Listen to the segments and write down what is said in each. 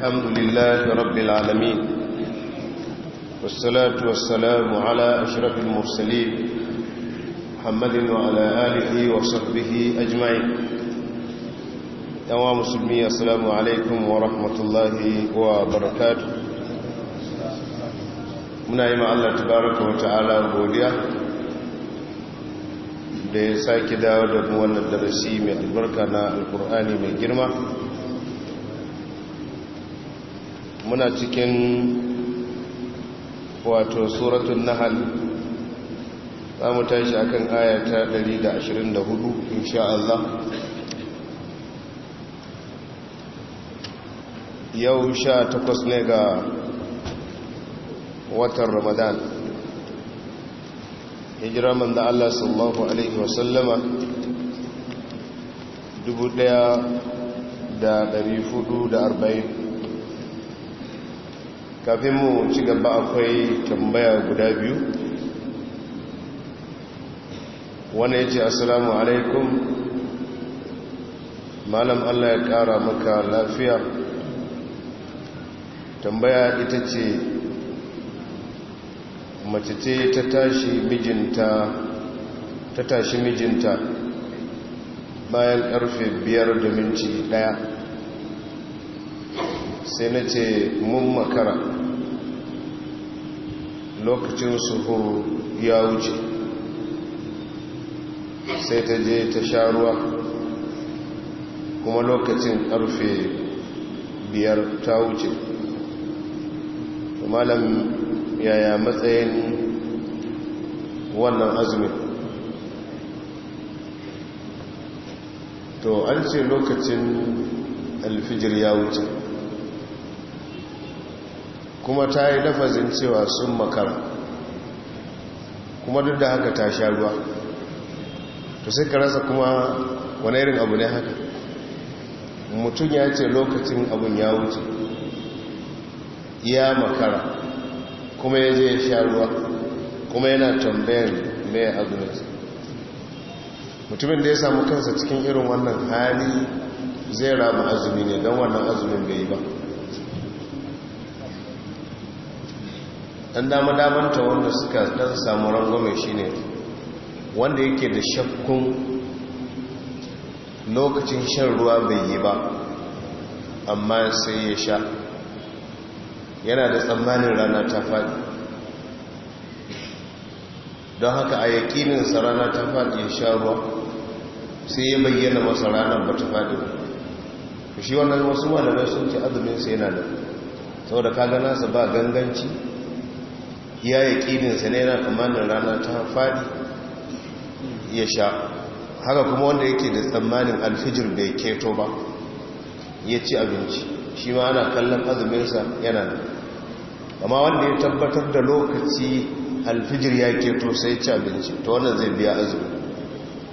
الحمد لله رب العالمين والصلاة والسلام على أشرف المرسلين محمد وعلى آله وصحبه أجمعين دوام سلمي السلام عليكم ورحمة الله وبركاته muna yi ma'allar tabaraka wa ta'ala godiya da ya sake dawo da wannan darasi mai albarka na alkur'ani mai girma muna cikin wato suratun nahal za mu tashi a kan ayata 124 insha Allah yau sha takwas ne ga watan ramadan hijira man da Allah sallallahu alaihi wasallama 1440 kafin mu ci gaba akwai tambaya guda biyu wani ya ce assalamu alaikum malam allah ya kara maka lafiya tambaya ita ce mace ce ta tashi mijinta ta tashi mijinta bayan karfe biyar da minci daya sai na ce mun makara lokacin suhur ya wuce sai ta je ta sha ruwa kuma lokacin karfe biyar ta wuce malam yaya matsayin wannan azumin to an ce lokacin alfijir ya wuce kuma ta yi lafazin cewa sun makara kuma duk da haka ta sha ruwa to sai ka rasa kuma wani irin abu ne haka mutum ya ce lokacin abin ya wuce ya makara kuma ya je sha ruwa kuma yana tambayar mai agnes mutumin da ya samu kansa cikin irin wannan hali zai rama azumi ne don wannan azumin bai yi ba dan dama damanta wanda suka dan samu rangwame shine wanda yake da shakkun lokacin shan ruwa bai yi ba amma sai ya sha yana da tsammanin rana ta faɗi don haka a yakininsa rana ta faɗi ya sha ruwa sai ya bayyana masa ranar ba ta faɗi ba shi wannan wasu malamai sun ce azumin sai yana da saboda kaga nasa ba ganganci ya yaƙininsa ne yana tsammanin rana ta faɗi ya sha haka kuma wanda yake da tsammanin alfijir bai keto ba ya ci abinci shi ma ana kallon azuminsa yana nan amma wanda ya tabbatar da lokaci alfijir ya keto sai ci abinci ta wannan zai biya azumi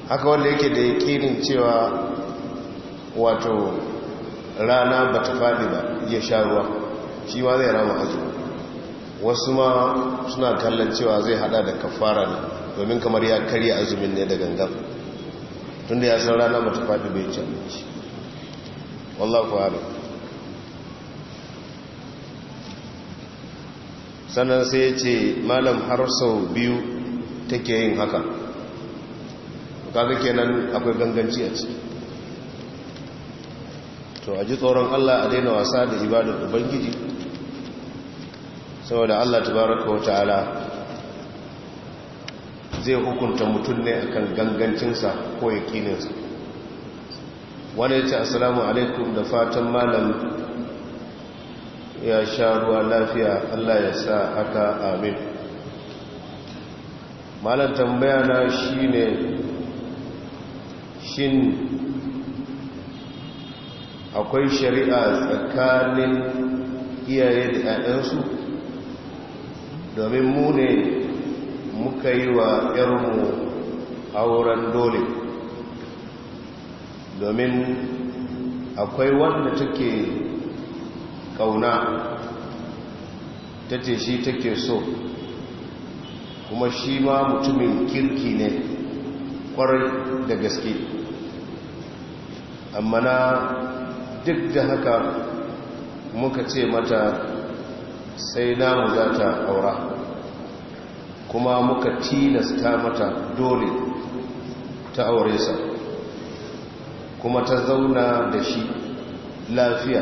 haka wanda yake da yaƙinin cewa wato rana ba ta faɗi ba ya sha ruwa shi ma zai rama azumi wasu ma suna kallon cewa zai hada da kafara ne domin kamar ya karya azumin ne da gangan tun da ya san rana mata faɗi bai ci abinci ku sannan sai ya ce malam har sau biyu take yin haka kaga kenan akwai ganganci a ciki to a ji tsoron allah a daina wasa da ibadar ubangiji saboda Allah tabaraka wa ta'ala zai hukunta mutum ne akan gangancinsa ko yakininsa wani ya ce assalamu alaikum da fatan malam ya sha ruwa lafiya Allah ya sa aka amin malam tambaya na shi shin akwai shari'a tsakanin iyaye da 'ya'yansu domin mu ne muka yi wa ‘yarmu auren dole domin akwai wanda take ƙauna ta shi take so kuma shi ma mutumin kirki ne kwarar da gaske amma na duk da haka muka ce mata sai namu za ta aura kuma muka tilasta mata dole ta aure sa kuma ta zauna da shi lafiya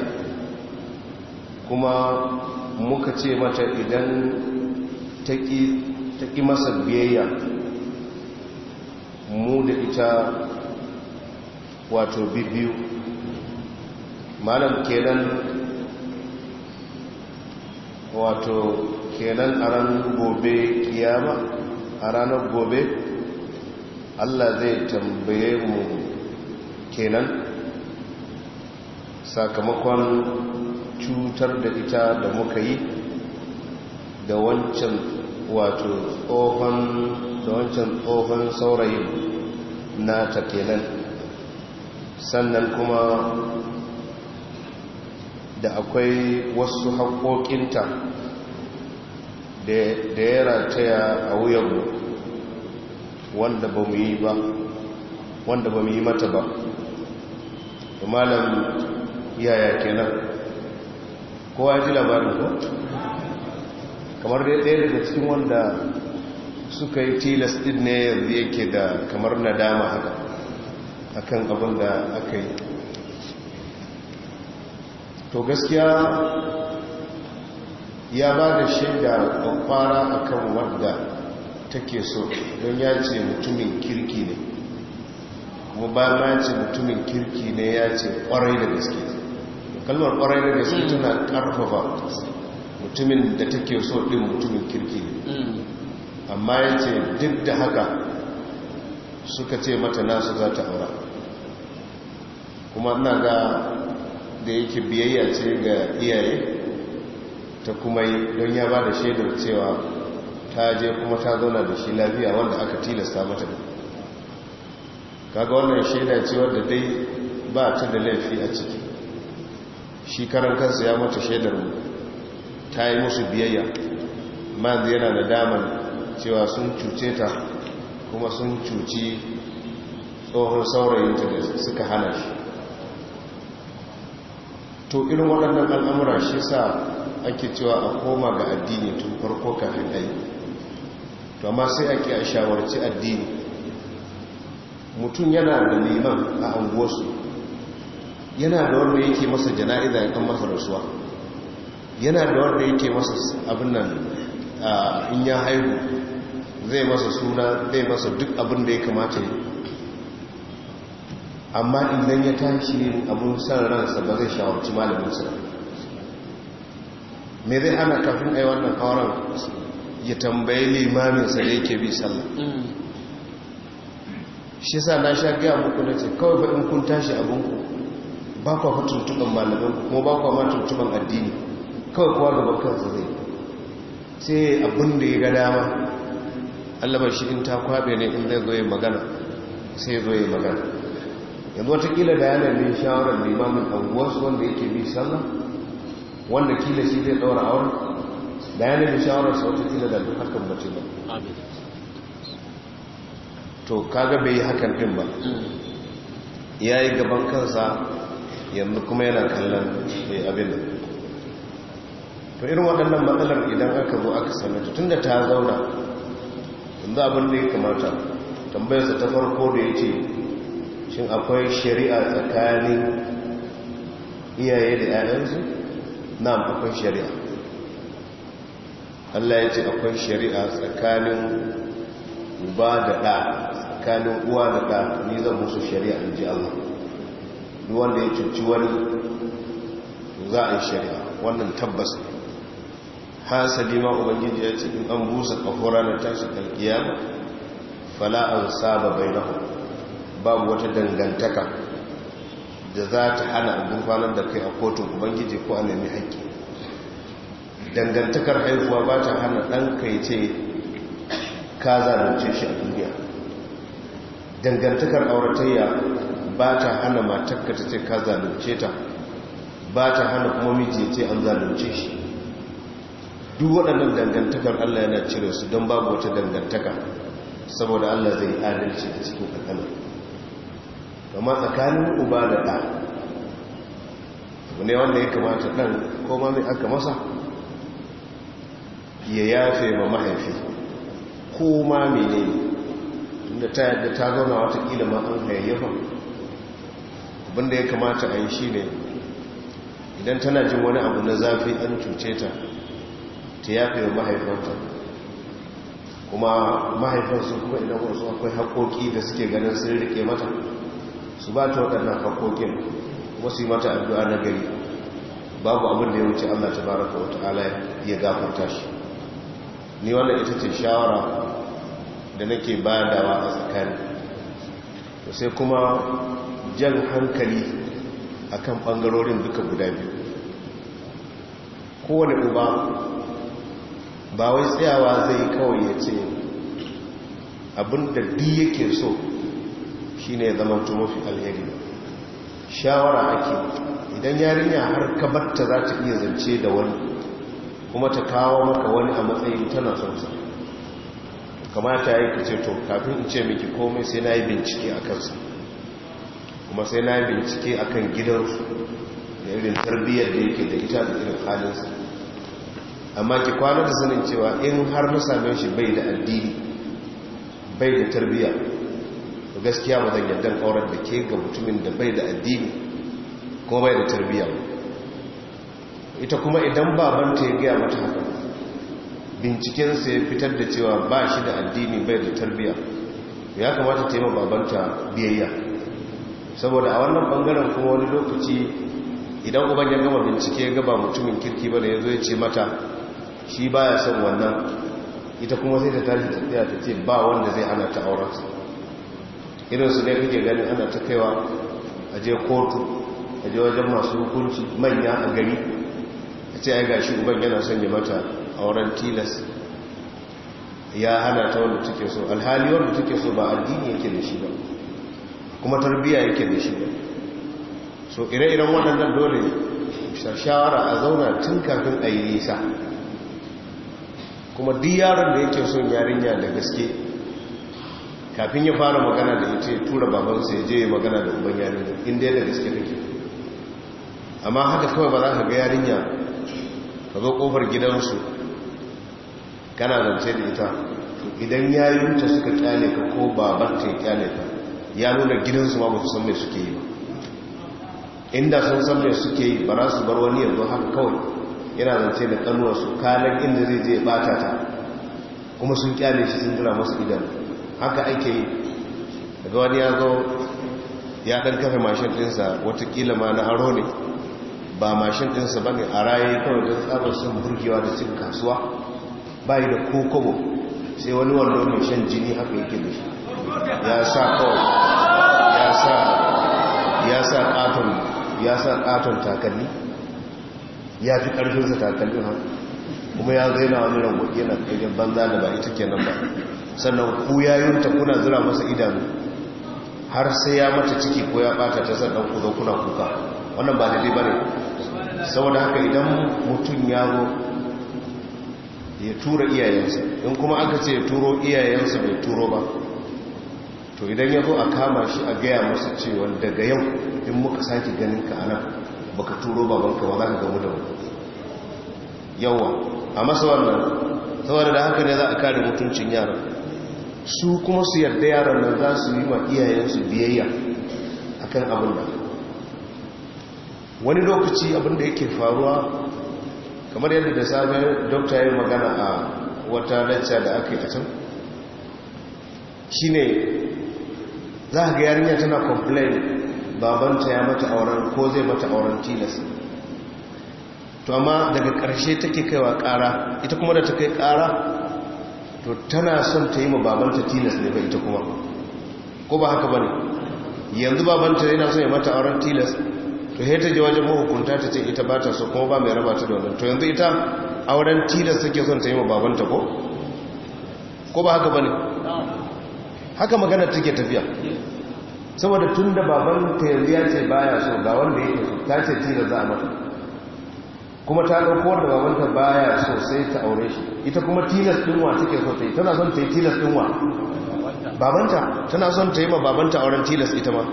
kuma muka ce mata idan ta ƙi masa biyayya mu da ita wato bibiyu malam kenan wato kenan a ranar gobe kiyama a ranar gobe allah zai tambaye mu kenan sakamakon cutar da ita da muka yi da wancan wato tsohon da wancan tsohon saurayin na ta kenan sannan kuma da akwai wasu haƙoƙinta da ya rataya a wuyanmu wanda ba mu yi ba wanda ba mu yi mata ba malam yaya kenan kowa ji labarin ko kamar dai ɗaya daga cikin wanda suka yi tilas ɗin ne yanzu yake da kamar nadama haka akan abin da aka yi to gaskiya ya ba da shaida kwakwara a kan wadda take so don ya ce mutumin kirki ne kuma ba ma ce mutumin kirki ne ya ce kwarai da gaske kalmar kwarai da gaske hmm. tana karfafa mutumin da take so din mutumin kirki ne hmm. amma ya ce duk da haka suka ce mata nasu za ta aura kuma ina ga da yake biyayya ce ga iyaye ta kuma yi don ya ba da shaidar cewa ta je kuma ta zauna da shi lafiya wanda aka tilasta mata kaga wannan shaida ce wadda dai ba ta da laifi a ciki shi karan kansa ya mata shaidar mu ta yi musu biyayya manzu yana da damar cewa sun cuce ta kuma sun cuci tsohon saurayinta da suka hana shi to irin waɗannan al'amura shi sa ake cewa a koma ga addini tun farko kafin ɗai to amma sai ake a shawarci addini mutum yana da neman a anguwarsu yana da wanda yake masa jana'iza ya kan masa rasuwa yana da wanda yake masa abin nan in ya haihu zai masa suna zai masa duk abin da ya kamata amma idan ya tashi abun san ransa ba zai shawarci malaminsa me zai hana kafin a yi wannan auren ya tambayi sa da yake bi sallah shi sa na sha gaya muku na ce kawai ba in kun tashi ku ba kwa fa tuntuban malamin kuma ba kwa ma tuntuban addini kawai kuwa gaba kansa zai sai abin da ya ga dama allaba shi in ta kwabe ne in zai zo magana sai zo magana yanzu watakila da yana bin shawarar limamin anguwarsu wanda yake bi sallah wanda kila shi zai daura auren da yana bin shawarar sa watakila da duk hakan mace ba to kaga bai yi hakan din ba ya yi gaban kansa yanzu kuma yana kallon mai abin da to irin waɗannan matsalar idan aka zo aka sanata tun da ta zauna yanzu abin da ya kamata tambayarsa ta farko da ya ce shin akwai shari'a tsakanin iyaye da yayansu na'am akwai shari'a Allah ya ce akwai shari'a tsakanin uba da ɗa tsakanin uwa da ɗa ni zan musu shari'a in ji Allah Ni wanda ya cuci wani za a yi shari'a wannan tabbas hasali ma ubangiji ya ce in an busa kafura na tashi kalkiyama fala an saba bainahu babu wata dangantaka da za ta hana gurfanar da kai a kotun ubangiji ko a nemi haƙƙi dangantakar haihuwa ba ta hana ɗan kai ce ka zarance shi a duniya dangantakar auratayya ba ta hana matakka ta ce ka zarance ta ba ta hana kuma miji ce an zarance shi duk waɗannan dangantakar allah yana cire su don babu wata dangantaka saboda allah zai adalci a cikin ƙanƙanar amma tsakanin uba da ɗa ne wanda ya kamata ɗan koma mai aka masa ya yafe ma mahaifi koma mene ne inda ta yadda ta zauna watakila ma an hayayyafa abinda ya kamata a yi shi ne idan tana jin wani abu na zafi an cuce ta ta yafe ma mahaifanta kuma mahaifansu kuma idan wasu akwai haƙoƙi da suke ganin sun rike mata su ba ta waɗannan haƙoƙin wasu yi mata addu'a na gari babu abin da ya wuce allah ta baraka wata Ala ya gafarta shi ni wanda ita ce shawara da nake badawa a tsakani sai kuma jan hankali akan ɓangarorin duka guda biyu kowane uba ba wai tsayawa zai kawai ya ce da duk yake so shi ne zama mafi alheri shawara ake idan yarinya har kabarta za ta iya zance da wani kuma ta kawo maka wani a matsayin tana sonsa kamata ya yi kace to kafin in ce miki komai sai na yi bincike a kansa kuma sai na yi bincike a kan gidansu da irin tarbiyyar da yake da ita da irin halinsa amma ki kwana da sanin cewa in har na same shi bai da addini bai da tarbiyya to gaskiya ba zan yarda auren da ke ga mutumin da bai da addini ko bai da tarbiyya ita kuma idan ta ya gaya mata haka bincikensa ya fitar da cewa ba shi da addini bai da tarbiyya ya kamata ta yi babanta biyayya saboda a wannan bangaren kuma wani lokaci idan uban ya gama bincike ya gaba mutumin kirki bane ya zo ya ce mata shi baya son wannan ita kuma sai ta tashi tafiya ta ce ba wanda zai ana ta aurensa irin su dai kake gani ana ta kaiwa a je kotu a je wajen masu hukunci manya a gari a ce ai gashi uban yana son ya mata auren tilas ya hana ta wanda take so alhali wanda take so ba addini yake da shi ba kuma tarbiyya yake da shi ba so ire-iren waɗannan dole shawara a zauna tun kafin a yi nisa kuma duk yaron da yake son yarinya da gaske kafin ya fara magana da ita ya tura babansa ya je ya magana da uban yarinya inda da gaske amma haka kawai ba za ka ga yarinya ka zo kofar gidansu kana zance da ita idan yayinta suka kyale ka ko babanta ya kyale ka ya nuna gidansu ba su san mai suke yi ba inda sun san mai suke yi ba za su bar wani yanzu haka kawai yana zance da su kalan inda zai je bata ta kuma sun kyale shi sun jira masu idanu haka ake yi daga wani ya zo ya ɗan kafe mashin ɗinsa watakila ma na aro ne ba mashin ɗinsa ba ne a raye kawai don tsabar sun burgewa da cin kasuwa ba yi da kokobo sai wani wando mai shan jini haka yake da shi ya sa kawai ya sa ƙaton takalli ya fi ƙarfinsa takalli haka kuma ya zai na wani rangoki yana ƙagen banza da ba ita kenan ba sannan ku ya ta kuna zira masa idanu har sai ya mata ciki ko ya bata ta sannan ku zo kuna kuka wannan ba daidai ba ne saboda haka idan mutum ya zo ya tura iyayensa in kuma aka ce ya turo iyayensa bai turo ba to idan ya zo a kama shi a gaya masa cewa daga yau in muka sake ganin ka anan baka turo babanka ba za ka gamu da wani yawa a masa wannan saboda da haka ne za a kare mutuncin yaran su kuma su yarda yaran nan za su yi ma iyayensu biyayya kan abin da wani lokaci abin da yake faruwa kamar yadda da sami dokta ya magana a wata lacca da aka yi a can shi ne za a ga yarinya tana complain babanta ya mata auren ko zai mata auren tilas to amma daga ƙarshe take kaiwa ƙara ita kuma da ta kai ƙara to tana son ta yi ma babanta tilas ne ba ita kuma ko ba haka ba ne yanzu babanta yana son ya mata auren tilas to he ta je wajen mahukunta ta ce ita ba ta so kuma ba mai raba ta da wannan to yanzu ita auren tilas take son ta yi ma babanta ko ko ba haka ba ne haka magana take tafiya saboda tun da babanta yanzu ya ce baya so ga wanda yake so ta ce tilas za a mata kuma ta ɗauko da babanta baya sosai ta aure shi ita kuma tilas ɗinwa take so ta yi tana son ta yi tilas ɗinwa babanta tana son ta yi ma babanta auren tilas ita ma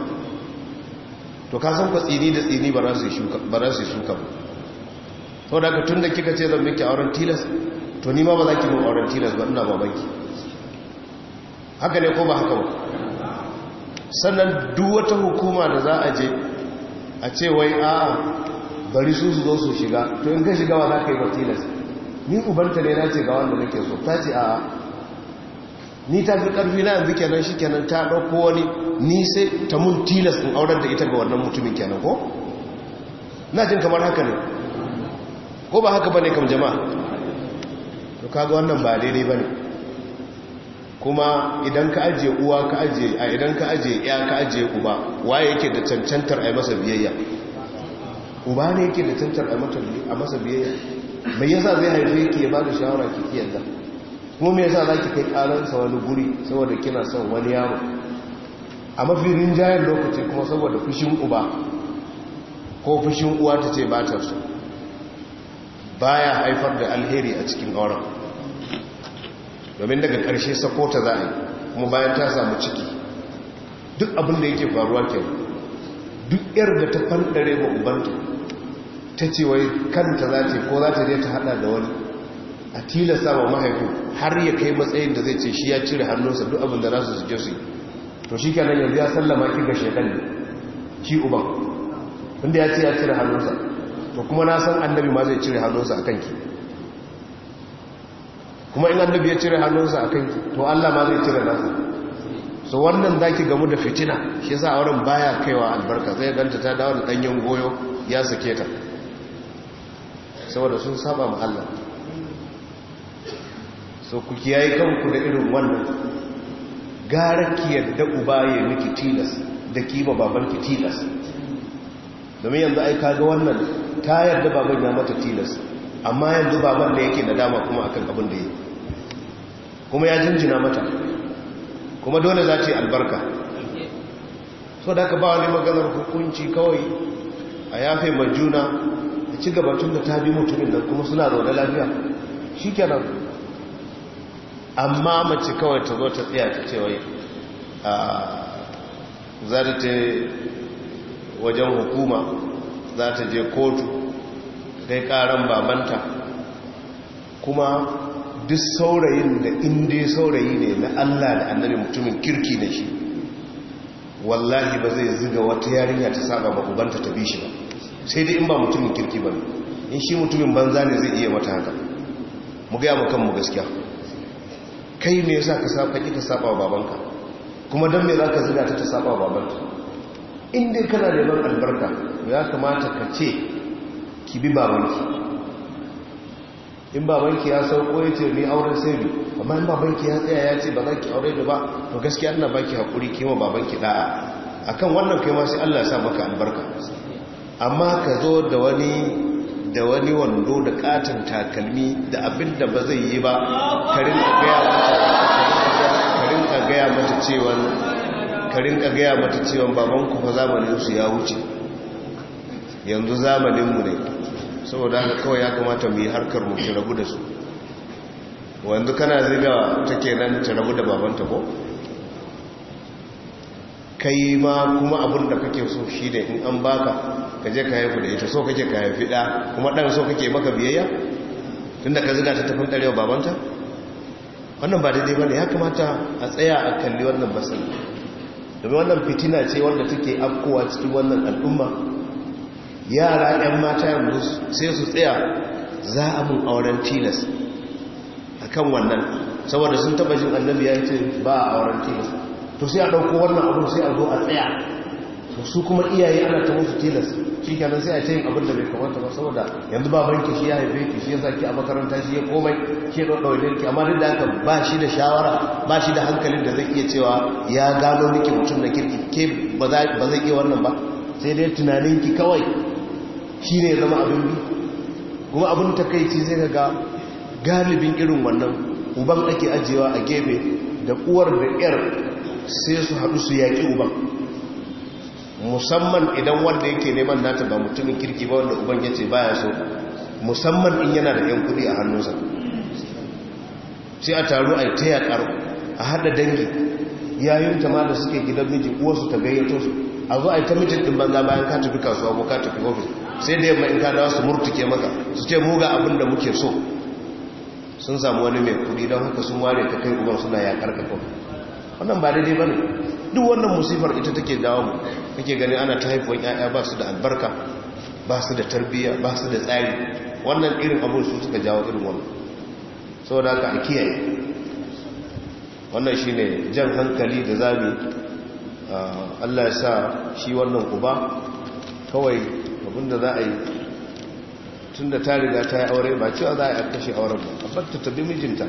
to ka san ku tsini da tsini ba za su yi shuka ba to da ka tun da kika ce zan miki auren tilas to ni ma ba za ki mun auren tilas ba ina babanki haka ne ko ba haka ba sannan duk wata hukuma da za a je a ce wai a'a bari su su zo su shiga to in ka shiga ba za ka yi batilas ni ubanta ne na ce ga wanda nake so ta ce a ni ta fi karfi na yanzu kenan shi kenan ta ɗauko wani ni sai ta mun tilas in aurar da ita ga wannan mutumin kenan ko na jin kamar haka ne ko ba haka ba ne kam jama'a to kaga wannan ba daidai ba ne kuma idan ka ajiye uwa ka ajiye a idan ka ajiye ya ka ajiye uba waye yake da cancantar a yi masa biyayya uba ne yake da tantar a masa biyayya mai yasa zai haifu yake ya bada shawara ki ki yadda kuma mai yasa ki kai karansa wani guri saboda kina son wani yaro a mafi rinjayen lokaci kuma saboda fushin uba ko fushin uwa ta ce ba su, baya haifar da alheri a cikin auren domin daga ƙarshe sakota za a yi kuma bayan ta samu ciki duk abin da yake faruwa kyau. duk yar da ta fandare ma ubanta ta ce wai kanta za ta ko za ta je ta hada da wani a tilasta wa mahaifin har ya kai matsayin da zai ce shi ya cire hannunsa duk abin da za su suke su to shi kenan yanzu ya sallama ki ga shekan ne ki uban inda ya ce ya cire hannunsa to kuma na san annabi ma zai cire hannunsa a kanki kuma in annabi ya cire hannunsa a kanki to Allah ma zai cire nasa so wannan za ki gamu da fitina shi yasa auren baya kaiwa albarka zai ganta ta dawo da danyen goyo ya sake ta saboda sun saba ma Allah so ku kiyaye kanku da irin wannan gara ki yadda uba ya miki tilas da ki baban ki tilas domin yanzu ai ka ga wannan ta yarda baban ya mata tilas amma yanzu baban da yake nadama kuma akan abin da yake kuma ya jinjina mata kuma dole za ce albarka so da ka ba wani maganar hukunci kawai a yafe majuna da ci gabatun da ta bi mutumin da kuma suna da wani lafiya shi kenan amma mace kawai ta zo ta tsaya ta ce wai za ta ce wajen hukuma za ta je kotu dai karan babanta kuma duk saurayin da inda saurayi ne na Allah da annabi mutumin kirki da shi wallahi ba zai ziga wata yarinya ta saba ba banta ta bi shi ba sai dai in ba mutumin kirki ba in shi mutumin banza ne zai iya mata haka mu ga mu kanmu gaskiya kai me yasa ka saba ka saba wa babanka kuma dan me zaka ziga ta ta saba wa babanka in dai kana da albarka ya kamata ka ce ki bi babanki in ba banki ya sauko ya ce ni auren sai bi amma in ba banki ya tsaya ya ce ba za ki aure da ba to gaskiya ina baki hakuri ke ma banki da'a akan wannan kai ma sai Allah ya sa maka albarka amma ka zo da wani da wani wando da katin takalmi da abin da ba zai yi ba karin ka gaya mata karin gaya mata cewa karin ka babanku fa zamanin su ya wuce yanzu zamanin mu ne saboda haka kawai ya kamata mu yi harkar mu rabu da su Wanzu kana ziga take nan ta rabu da babanta ko kai ma kuma abin da kake so shi da in an baka ka je ka haifu da ita so kake ka haifi da kuma ɗan so kake maka biyayya tunda ka ziga ta tafin ɗarewa babanta wannan ba daidai ba ne ya kamata a tsaya a kalli wannan matsala domin wannan fitina ce wanda take afkowa cikin wannan al'umma yara 'yan mata yanzu sai su tsaya za a mun auren tilas a kan wannan saboda sun taba jin annabi ya ce ba a auren tilas to sai a ɗauko wannan abu sai a zo a tsaya to su kuma iyaye ana ta musu tilas shi kenan sai a ce yin abin da bai kamata ba saboda yanzu ba banki shi ya haife ki shi ya zaki a makaranta shi ya komai shi ya ɗauɗa wajen ki amma duk da haka ba shi da shawara ba shi da hankalin da zai iya cewa ya gano miki mutum na kirki ke ba zai iya wannan ba sai dai tunaninki kawai shi ne zama abin bi kuma abin takaici sai ga galibin irin wannan uban ake ajiyewa a gebe da uwar da yar sai su haɗu su yaƙi uban musamman idan wanda yake neman nata ba mutumin kirki ba wanda uban ya ce baya so musamman in yana da 'yan kuɗi a hannunsa sai a taru a ta yaƙar a haɗa dangi yayin ta ma da suke gidan miji su ta gayyato su a zo a yi ta mijin ɗin banza bayan ka tafi kasuwa ko ka tafi ofis sai da yamma in ka dawo su murtuke maka su ce mu ga abin da muke so sun samu wani mai kudi don haka sun ware ka kai uban suna yakar ka wannan ba daidai ba ne duk wannan musifar ita take dawo mu kake gani ana ta haifuwan 'ya'ya ba su da albarka ba su da tarbiyya ba su da tsari wannan irin abin su suka jawo irin wannan saboda haka a kiyaye wannan shine jan hankali da zamu ah, Allah ya sa shi wannan uba kawai abinda za a yi tun da ta riga ta yi aure ba cewa za a yi kashe auren ba a fatta ta bi mijinta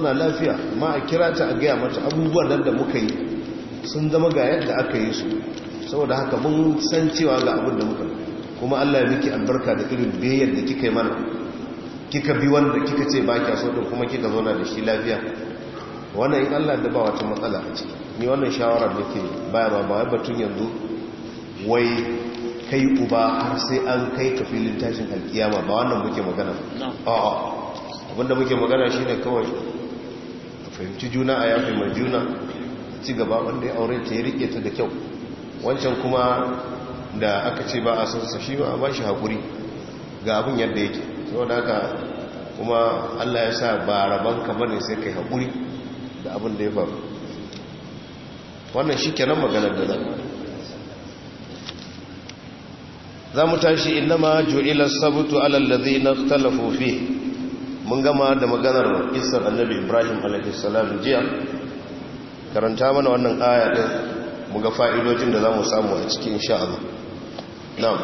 na lafiya ma a kira ta a gaya mata abubuwan nan da muka yi sun zama ga yadda aka yi su saboda haka mun san cewa ga abin da muka kuma allah ya miki albarka da irin biyayyar da kika yi mana kika bi wanda kika ce ba kya so kuma kika zauna da shi lafiya wannan in allah da ba wata matsala a ciki ni wannan shawarar da ke baya ba ba batun yanzu wai kai uba har sai an kai ka filin tashin alkiyama ba wannan muke magana a'a abinda muke magana shine kawai a fahimci juna a yafi mai juna ci gaba wanda ya aure ta ya rike ta da kyau wancan kuma da aka ce ba a son sa shi ba a bashi hakuri ga abin yadda yake da haka kuma Allah ya sa ba rabon ka bane sai kai hakuri da abin da ya faru wannan shi kenan maganar da zai za mu tashi innama ju'ilar sabutu alal ladhina mu fi mun gama da maganar isar annabi Ibrahim alaihi jiya karanta mana wannan aya ɗin mu ga fa'idojin da zamu samu a cikin insha Allah na'am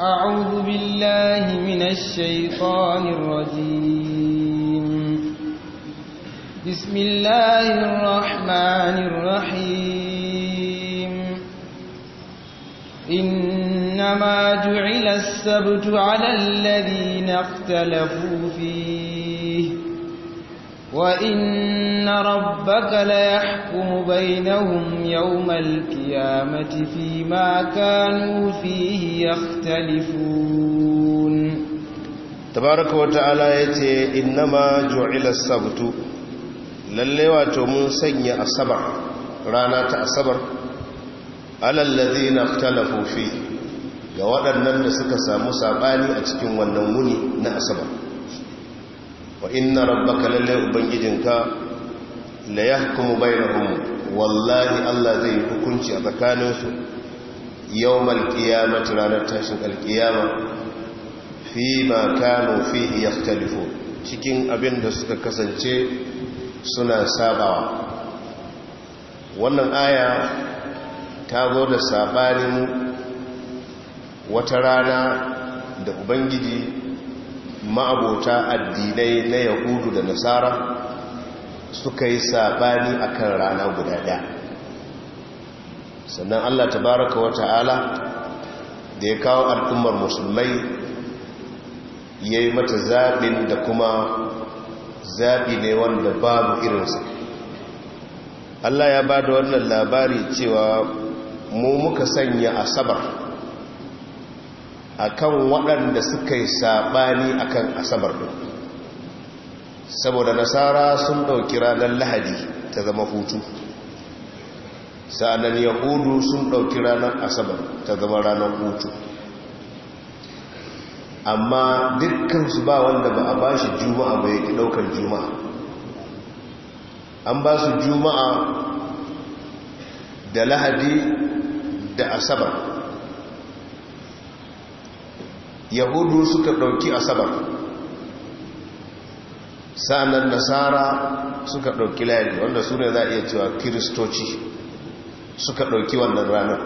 a'udhu billahi minash shaitanir rajim bismillahir rahmanir rahim إنما جعل السبت على الذين اختلفوا فيه وإن ربك ليحكم بينهم يوم القيامة فيما كانوا فيه يختلفون تبارك وتعالى يتي إنما جعل السبت للي من سنة السبع رانات السبع على الذين اختلفوا فيه ga waɗannan da suka samu saɓani a cikin wannan wuni na Asaba. wa inna rabbaka lallai ubangijinka la yahkumu bainahum wallahi Allah zai yi hukunci a tsakaninsu yawmal qiyamati ranar tashin alqiyama fi ma kanu fihi yakhtalifu cikin abin da suka kasance suna sabawa wannan aya ta zo da sabanin wata rana da ubangiji ma'abota addinai na yahudu da nasara suka yi sabani akan rana guda ɗaya sannan allah Ta baraka wa ta'ala da ya kawo al'ummar musulmai ya yi mata zaɓin da kuma zaɓi ne wanda babu irinsa allah ya ba da wannan labari cewa mu muka sanya asabar akan waɗanda suka yi saɓani kan asabar ɗin saboda nasara sun ɗauki ranar lahadi ta zama hutu sa'adar yahudu sun ɗauki ranar asabar ta zama ranar hutu amma dukkansu ba wanda ba a ba shi juma'a ba yake ɗaukar juma'a an ba su juma'a da lahadi da asabar yahudu suka ɗauki asabar sa'annan nasara suka ɗauki layani wanda su ne za a iya cewa kiristoci suka ɗauki wannan ranar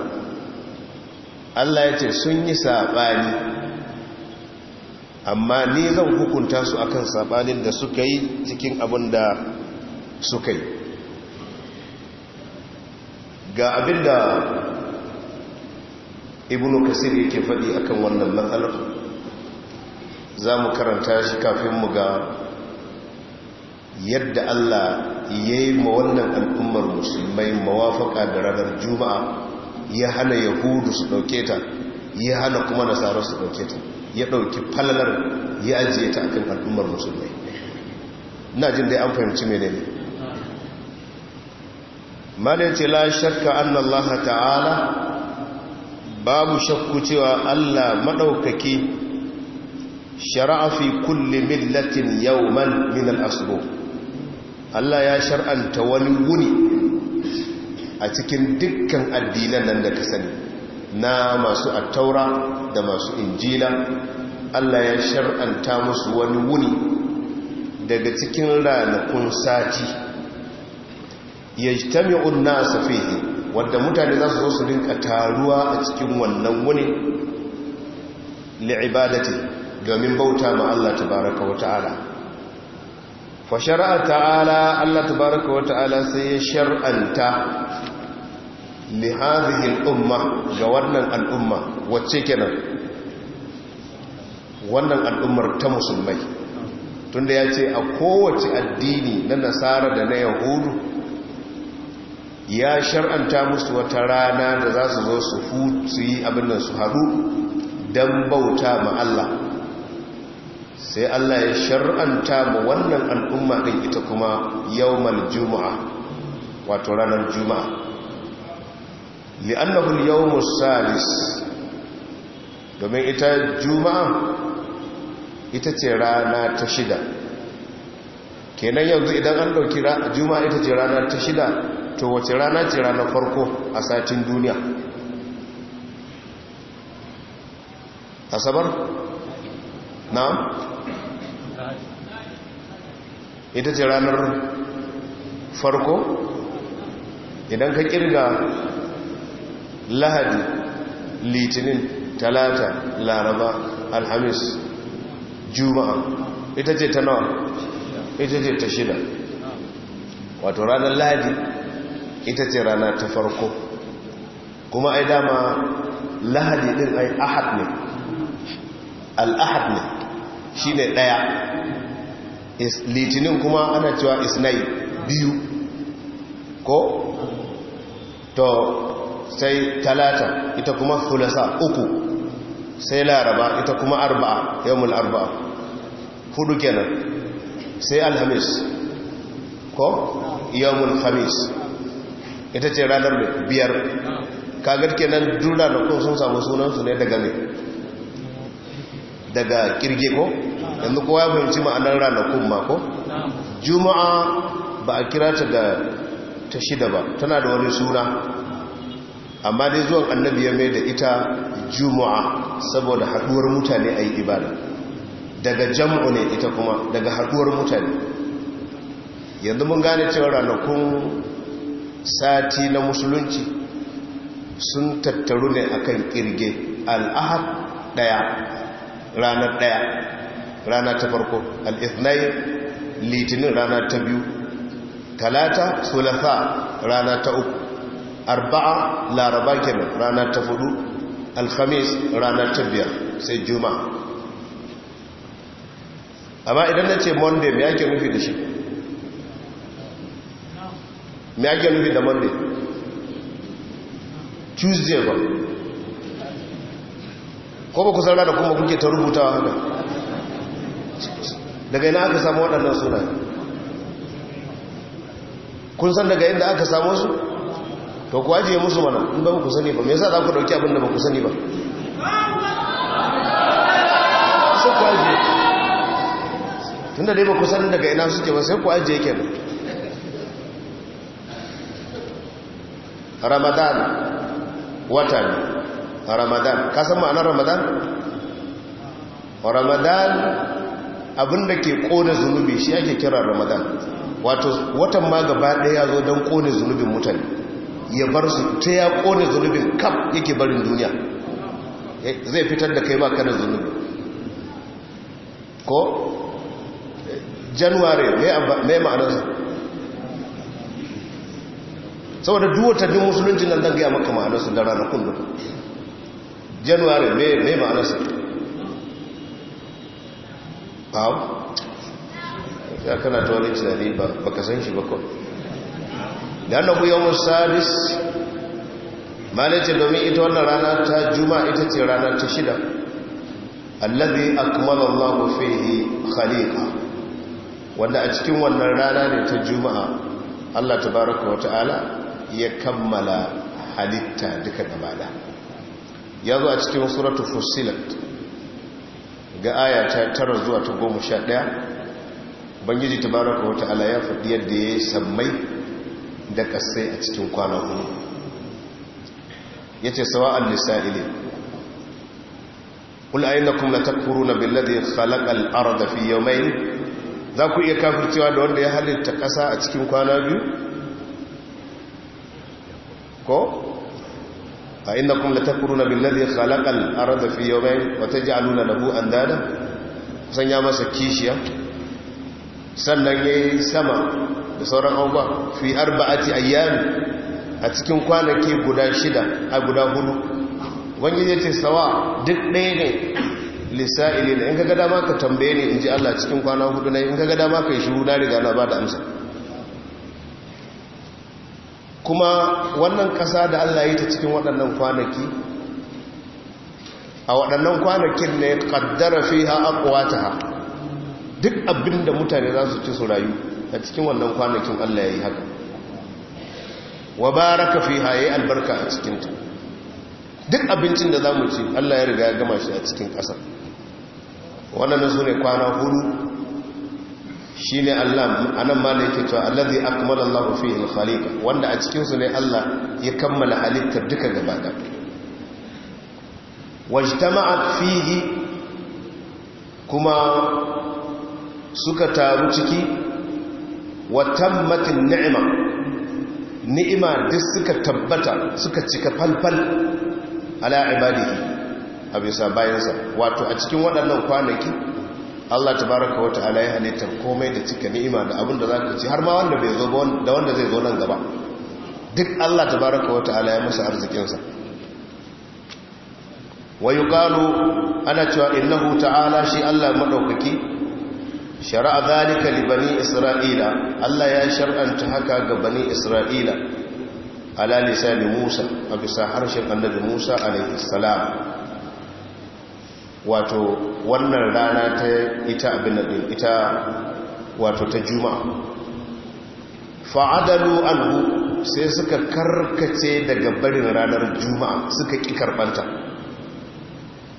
allah ya ce sun yi saɓani amma ni zan hukunta su akan saɓanin da suka yi cikin abin da suka yi ga abin da ibn kasir yake faɗi akan wannan matsalar za mu karanta shi kafin mu ga yadda Allah ya yi ma wannan al'ummar musulmai mawafaka da ranar juma'a ya hana yahudu su ɗauke ta ya hana kuma nasarar su ɗauke ta ya ɗauki falalar ya ajiye ta akan al'ummar musulmai na jin dai an fahimci mene ne malin ce la shakka an Allah ta'ala babu shakku cewa Allah maɗaukaki shara'a fi kulli millatin yawman min al-asbu Allah ya shar'anta wani wuni a cikin dukkan addinan nan da ka sani na masu attaura da masu injila Allah ya shar'anta musu wani wuni daga cikin ranakun sati yajtami'un nasu fihi wanda mutane za su zo su rinka taruwa a cikin wannan wuni li'ibadati domin bauta ma Allah tabaraka wa ta'ala fa shar'a ta'ala Allah tabaraka wa ta'ala sai ya shar'anta li hadhihi umma ga wannan al'umma wacce kenan wannan al'ummar ta musulmai tunda ya ce a kowace addini na nasara da na yahudu ya shar'anta musu wata rana da za su zo su yi abin da su haɗu don bauta ma Allah sai Allah ya shar'anta mu wannan al'umma ɗin ita kuma yawmal juma'a wato ranar juma'a li'annahu al-yawmus salis domin ita juma'a ita ce rana ta shida kenan yanzu idan an dauki juma'a ita ce rana ta shida to wace rana ce rana farko a satin duniya asabar na'am ita ce ranar farko idan ka kirga lahadi litinin talata laraba alhamis juma'a ita ce ta nawa ita ce ta shida wato ranar lahadi ita ce rana ta farko kuma ai dama lahadi din ai ahad ne al ahad ne shi ne ɗaya litinin kuma ana cewa isnai biyu ko to sai talata ita kuma fulasa uku sai laraba ita kuma arba'a yawmul arba'a hudu kenan sai alhamis ko yawmul khamis ita ce ranar biyar kagar kenan dura da kun sun samu sunansu ne daga ne daga kirge ko yanzu kowa ya fahimci ma'anar ranakun mako juma'a ba a kira ta da ta shida ba tana da wani suna amma dai zuwan annabi ya mai da ita juma'a saboda haduwar mutane a yi ibada daga jam'u ne ita kuma daga haduwar mutane yanzu mun gane cewa ranakun sati na musulunci sun tattaru ne akan kirge al'ahad daya ranar daya rana ta farko al-ithnai litinin rana ta biyu talata sulatha rana ta uku arba'a laraba kenan rana ta fudu alhamis rana ta biyar sai juma. amma idan na ce monday me ake nufi da shi me ake nufi da monday tuesday ba ko ba kusan rana kuma kuke ta rubuta haka daga ina aka samu waɗannan suna kun san daga inda aka samu su to ku ajiye musu mana in ba ku sani ba me yasa za ku ɗauki abin da ba ku sani ba su ku ajiye tunda dai ba ku sani daga ina suke ba sai ku ajiye kenan ramadan wata ne ramadan ka san ma'anar ramadan ramadan abin da ke kone zunubi shi ake kira ramadan wato watan ma gaba ɗaya zo don kone zunubin mutane ya bar su ta ya kone zunubin kaf yake barin duniya eh, zai fitar da kai ba kana zunubi ko januwari mai su saboda duwatannin musulunci nan zan gaya maka su da ranakun duk januwari mai su faham ya kana ta wani tunani ba ka san shi ba kawai da annabu yawon sadis malace domin ita wannan rana ta juma ita ce rana ta shida allazi akmala Allahu fihi khaliqa wanda a cikin wannan rana ne ta juma'a Allah tabaaraka wa ta'ala ya kammala halitta duka gaba da yazo a cikin suratu fussilat ga aya ta tara zuwa ta goma sha ɗaya bangiji ta baraka wata ala ya faɗi yadda ya yi sammai da ƙasai a cikin kwanan hudu ya ce nisa ile na kuma kuru na billadin falakal da fi mai za ku iya kafircewa da wanda ya halitta ƙasa a cikin kwana biyu ko a inda kuma latakuru na billazi khalaƙal arda fi yawmain wata ja'aluna lahu andada ya masa kishiya sannan yayi sama da sauran abubuwa fi arba'ati ayyami a cikin kwanaki guda shida a guda hudu wani ya ce sawa duk ɗaya ne lissa'ili in ka gada ma ka tambaye ne in ji Allah cikin kwana hudu na in ka gada ma ka yi shuru na riga na ba da amsa kuma wannan ƙasa da Allah ya yi ta cikin waɗannan kwanaki a waɗannan kwanakin ne kaddara fi ha akwata ha duk abin da mutane za su ci su rayu a cikin wannan kwanakin Allah ya yi haka wa baraka fi ha yi albarka a cikinta duk abincin da za mu ci Allah ya riga ya gama shi a cikin ƙasa waɗannan su ne kwana hudu shi ne Allah a nan ma ne yake cewa allazi akmala Allahu fihi al-khaliqa wanda a cikinsu ne Allah ya kammala halittar duka gaba da wajtama'at fihi kuma suka taru ciki wa ni'ima ni'ima duk suka tabbata suka cika falfal ala ibadihi a bisa bayansa wato a cikin waɗannan kwanaki Allah tabaraka wa ta'ala ya halitta komai da cika ni'ima da abin da zaka ci har ma wanda bai zo da wanda zai zo nan gaba duk Allah tabaraka wa ta'ala ya masa arzikinsa wa yuqalu ana cewa inna innahu ta'ala shi Allah madaukaki shara'a zalika li bani isra'ila Allah ya shar'anta haka ga bani isra'ila ala lisan Musa a bisa harshen annabi Musa alaihi salam wato wannan rana ta ita abin ɗin ita wato ta juma'a fa'adalu alhu sai suka karkace daga barin ranar juma'a suka ki karbanta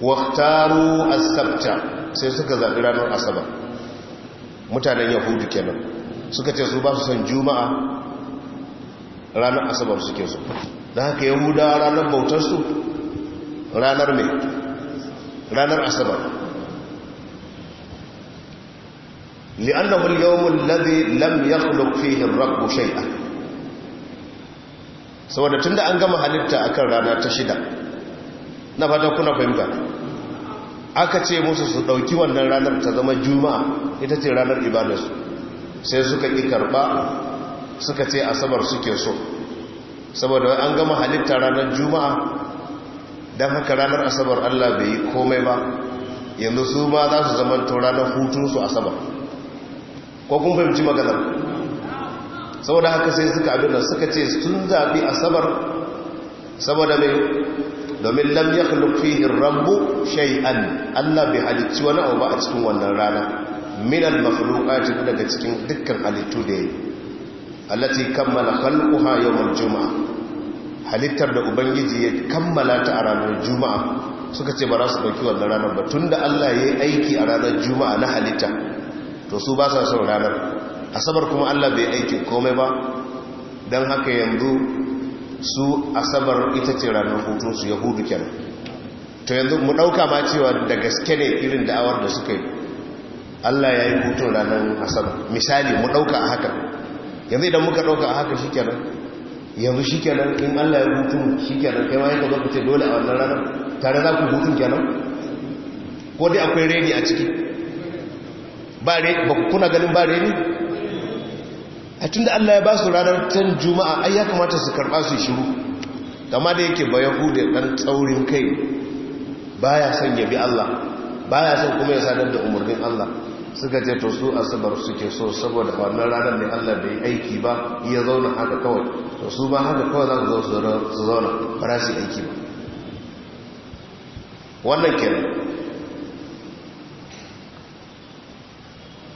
waqtaru as-sabta sai suka zabi ranar asaba mutanen yahudu kenan suka ce su ba su san juma'a ranar asabar suke su da haka yahudawa ranar bautarsu ranar mai ranar asabar li'annahu al-yawmul ladhi lam yakhluq fihi ar-rabb shay'a saboda tunda an gama halitta akan rana ta shida na fata kuna fahimta aka ce musu su dauki wannan ranar ta zama juma'a ita ce ranar su sai suka ki karba suka ce asabar suke so saboda an gama halitta ranar juma'a don haka ranar asabar allah bai yi komai ba yanzu su ma za su zama ranar hutunsu asabar ko kun fahimci maganar saboda haka sai suka abin da suka ce sun zaɓi asabar saboda mai domin lam ya fihin rambu shay'an allah bai halicci wani abu ba a cikin wannan rana minal mafulukaci daga cikin dukkan halittu da ya yi allati kammala khalquha yawmal juma'a halittar da ubangiji ya kammala ta a ranar juma'a suka ce ba za su ɗauki wannan ranar ba tun da allah ya yi aiki a ranar juma'a na halitta to su ba sa son ranar asabar kuma allah bai aiki komai ba don haka yanzu su asabar ita ce ranar hutunsu yahudu kenan to yanzu mu ɗauka ma cewa da gaske ne irin da'awar da suka yi allah ya yi hutun ranar asabar misali mu ɗauka a haka yanzu idan muka ɗauka a haka shi kenan yanzu shi kenan in allah ya hutu shi kenan kai ma yadda zaku ce dole a wannan ranar tare za ku hutun kenan ko dai akwai reni a ciki ba kuna ganin ba reni a tun da allah ya ba su ranar can juma'a ai ya kamata su karɓa su shiru kama da yake ba yahudu ɗan tsaurin kai ba ya son yabi allah ba ya son kuma ya sadar da umarnin allah suka ce to su asabar suke so saboda wannan ranar ne Allah bai aiki ba ya zauna haka kawai to su ba haka kawai za su zo su zauna ba za su aiki ba wannan kenan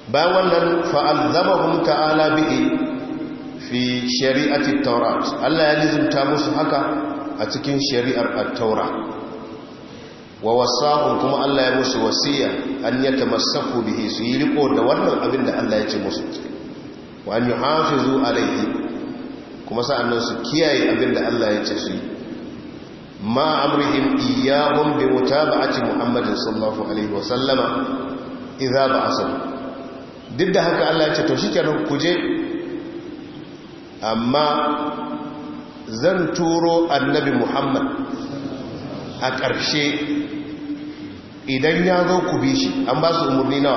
ba wannan hun ta'ala bihi fi shari'ati taurat Allah ya lizumta musu haka a cikin shari'ar taurat wa wasahun kuma Allah ya musu wasiya an ya tamassaku bihi su yi riko da wannan abin da Allah ya ce musu wa an yuhafizu alaihi kuma sa'annan su kiyaye abin da Allah ya ce su yi ma amrihim iyyahum bi mutaba'ati muhammadin sallallahu alaihi wa sallama idza ba'asa duk da haka Allah ya ce to shikenan ku je amma zan turo annabi muhammad a ƙarshe idan ya zo ku bi shi an ba su umarni na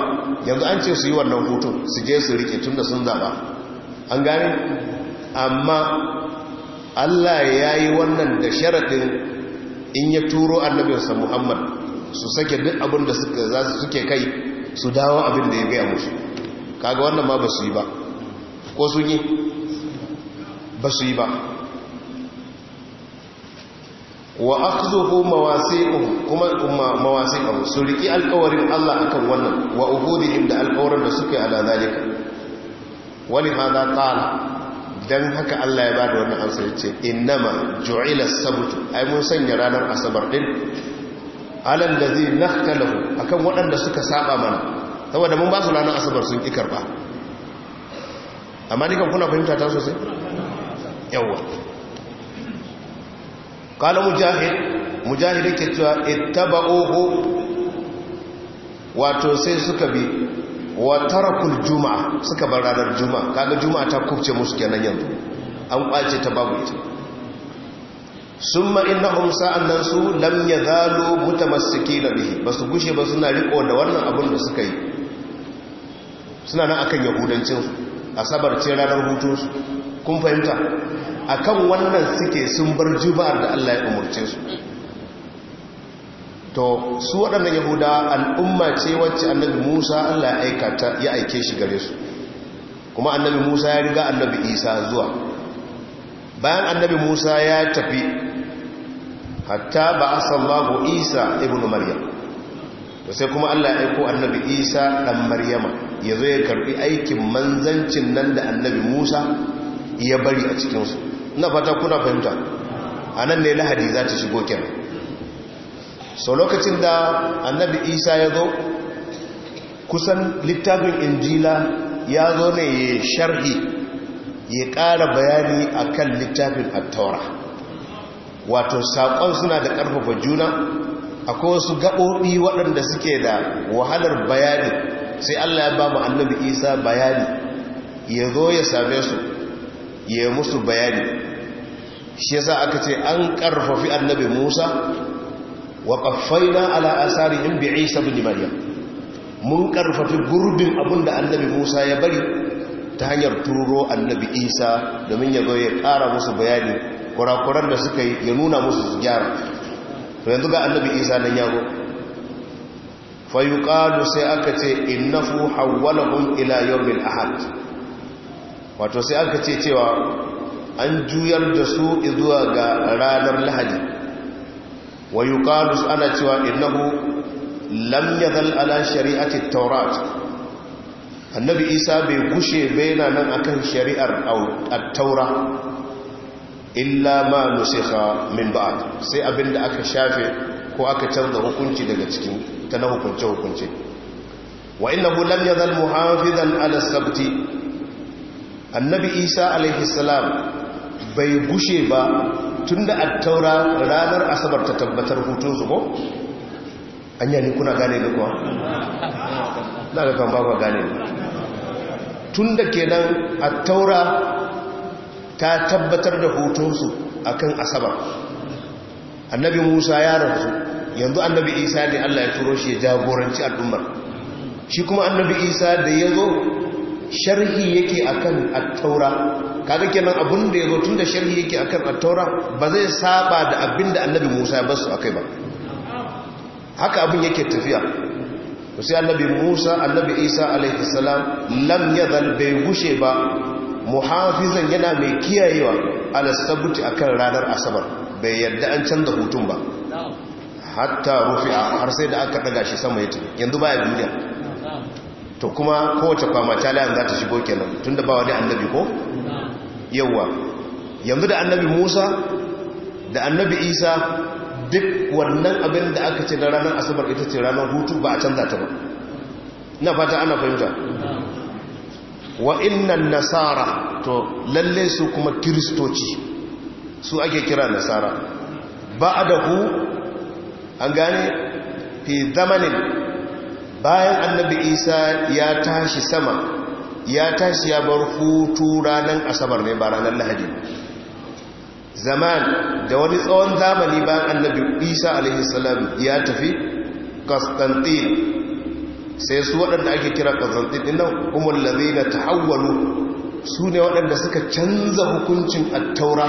yanzu an ce su yi wannan hutun su je su rike tun da sun zaba an gane amma allah ya yi wannan da sharaɗin in ya turo annabinsa muhammad su sake duk abin da suke kai su dawo abin da ya gaya musu kaga wannan ma ba su yi ba ko sun yi ba su yi ba wa akhdhuhu mawasiqahu kuma mawasiqahu su riki alƙawarin Allah akan wannan wa uhudihim da alƙawarin da suka yi ala zalika wani hada qala dan haka Allah ya bada wannan amsar yace innama ju'ila as-sabtu ai mun sanya ranar asabar din alal ladhi naktalahu akan waɗanda suka saba mana saboda mun ba su ranar asabar sun ki amma ni kan kuna fahimta ta sosai yawa kala mujahid mujahid yake cewa ittaba'uhu wato sai suka bi wa tarakul juma'a suka bar ranar juma'a kaga juma'a ta kubce musu kenan yanzu an kwace ta babu ita summa innahum sa'annan su lam yazalu mutamassikina bihi basu bushe ba suna riko da wannan abun da suka yi suna nan akan yahudancin su asabar ce ranar hutun su kun fahimta a kan wannan suke sun bar juma'ar da Allah ya umarce su to su waɗannan yahuda al'umma ce wacce annabi musa Allah ya ta ya aike shi gare su kuma annabi musa ya riga annabi isa zuwa bayan annabi musa ya tafi hatta ba a sallahu isa ibn maryam to sai kuma Allah ya aiko annabi Isa dan Maryama zo ya karɓi aikin manzancin nan da annabi Musa Iya bari a cikinsu na fata kuna fahimta a nan ne lahadi za ta shigo kenan so lokacin da annabi isa ya zo kusan littafin injila ya zo ne ya sharhi ya ƙara bayani a kan littafin attaura wato saƙon suna da ƙarfafa juna akwai wasu gaɓoɓi waɗanda suke da wahalar bayani sai allah ya ba mu annabi isa bayani ya zo ya same su ya musu bayani shi yasa aka ce an karfafi annabi Musa wa na ala asarihim bi Isa ibn Maryam mun karfafi gurbin abinda annabi Musa ya bari ta hanyar turo annabi Isa domin ya zo ya kara musu bayani kurakuran da suka yi ya nuna musu su gyara to yanzu ga annabi Isa nan ya fa sai aka ce innahu hawwalahum ila yawmil ahad wato sai aka ce cewa an juyar da su zuwa ga ranar lahadi wa yuqalu ana cewa innahu lam yazal ala shari'ati taurat annabi isa bai gushe yana nan akan shari'ar a taura illa ma nusikha min ba'd sai abinda aka shafe ko aka canza hukunci daga cikin ta na hukunce hukunce wa innahu lam yazal muhafizan ala sabti annabi isa alaihi salam bai gushe ba tun da attaura ranar asabar ta tabbatar hutun su ko an yi kuna gane da kuwa na ga kan ba gane tun da kenan attaura ta tabbatar da hutunsu akan asabar annabi musa ya rasu yanzu annabi isa ne allah ya turo shi ya jagoranci al'ummar shi kuma annabi isa da ya zo sharhi yake akan at-taura kaga kenan abin da yazo tunda sharhi yake akan at-taura ba zai saba da abin da annabi Musa ya basu akai ba haka abin yake tafiya to sai annabi Musa annabi Isa alaihi salam lam yadhal bai gushe ba muhafizan yana mai kiyayewa ala a akan ranar asabar bai yadda an canza hutun ba hatta rufi'a har sai da aka daga shi sama ya tafi yanzu baya duniya to kuma kowace mata layan za ta shigo kenan tun da ba wani annabi ko yawwa yanzu da annabi musa da annabi isa duk wannan abin da aka ce na ranar asabar ita ce ranar hutu ba a canza ta ba na fata ana fahimta wa innan nasara to lalle su kuma kiristoci su ake kira nasara ba a da ku an gane fi zamanin bayan annabi isa ya tashi sama ya tashi ya bar hutu ranar asabar ne ba ranar lahadi zaman da wani tsawon zamani bayan annabi isa alaihissalam ya tafi kastantin sai su waɗanda ake kira kastantin ɗinan umar lalina ta hawwalu su ne waɗanda suka canza hukuncin attaura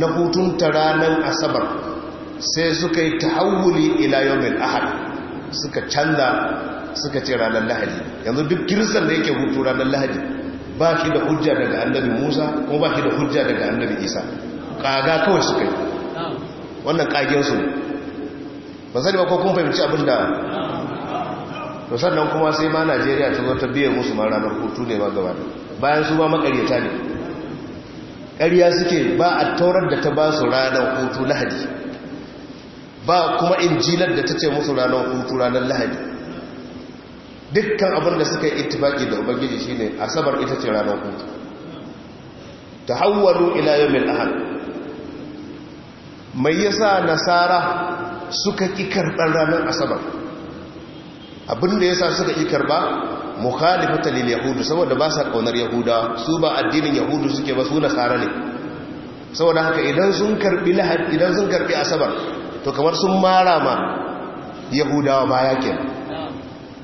na hutunta ranar asabar sai suka yi ta hawuli ila yau ahad suka canza suka ce ranar lahadi yanzu duk kirsan da yake hutu ranar lahadi ba shi da hujja daga annabi musa ko ba shi da hujja daga annabi isa kaga kawai suka yi wannan kagensu ba sani ba ko kun fahimci abin da to sannan kuma sai ma najeriya ta zo ta biya musu ma ranar hutu ne ba gaba bayan su ba makaryata ne ƙarya suke ba a taurar da ta ba su ranar hutu lahadi ba kuma injilar da ta ce musu ranar hutu ranar lahadi dukkan abin da suka yi itibaki da ubangiji shine asabar ita ce ranar hutu ta hawwaru ilayen yawmin mai yasa nasara suka ƙi karɓar ranar asabar abin da yasa suka ƙi karɓa mukhalifatan lil yahudu saboda ba sa kaunar yahuda su ba addinin yahudu suke ba su nasara ne saboda haka idan sun karbi lahad idan sun karbi asabar to kamar sun mara ma yahudawa baya ke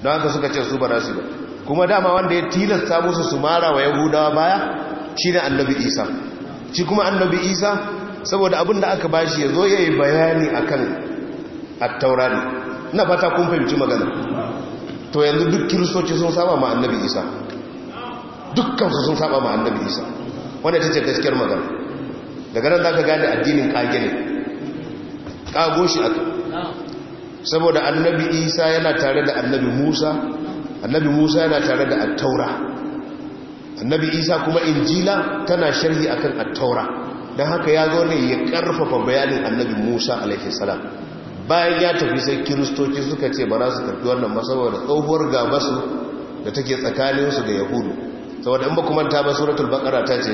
don haka suka ce su ba za ba kuma dama wanda ya tilasta musu su mara wa yahudawa baya shi ne annabi isa shi kuma annabi isa saboda abin da aka bashi ya zo ya yi bayani a kan attaurari na fata kun fahimci magana to yanzu duk kirisoci sun saba ma annabi isa dukkansu sun saba ma annabi isa wanda ta ce gaskiyar magana daga nan za ka gane addinin kage ne kago shi aka saboda annabi isa yana tare da annabi musa annabi musa yana tare da attaura annabi isa kuma injila tana sharhi akan attaura don haka ya zo ne ya karfafa bayanin annabi musa alaihissalam bayan ya tafi sai kiristoci suka ce ba za su tafi wannan masabar da tsohuwar gaba su da take tsakaninsu da yahudu saboda in ba kuma ta ba suratul baqara ta ce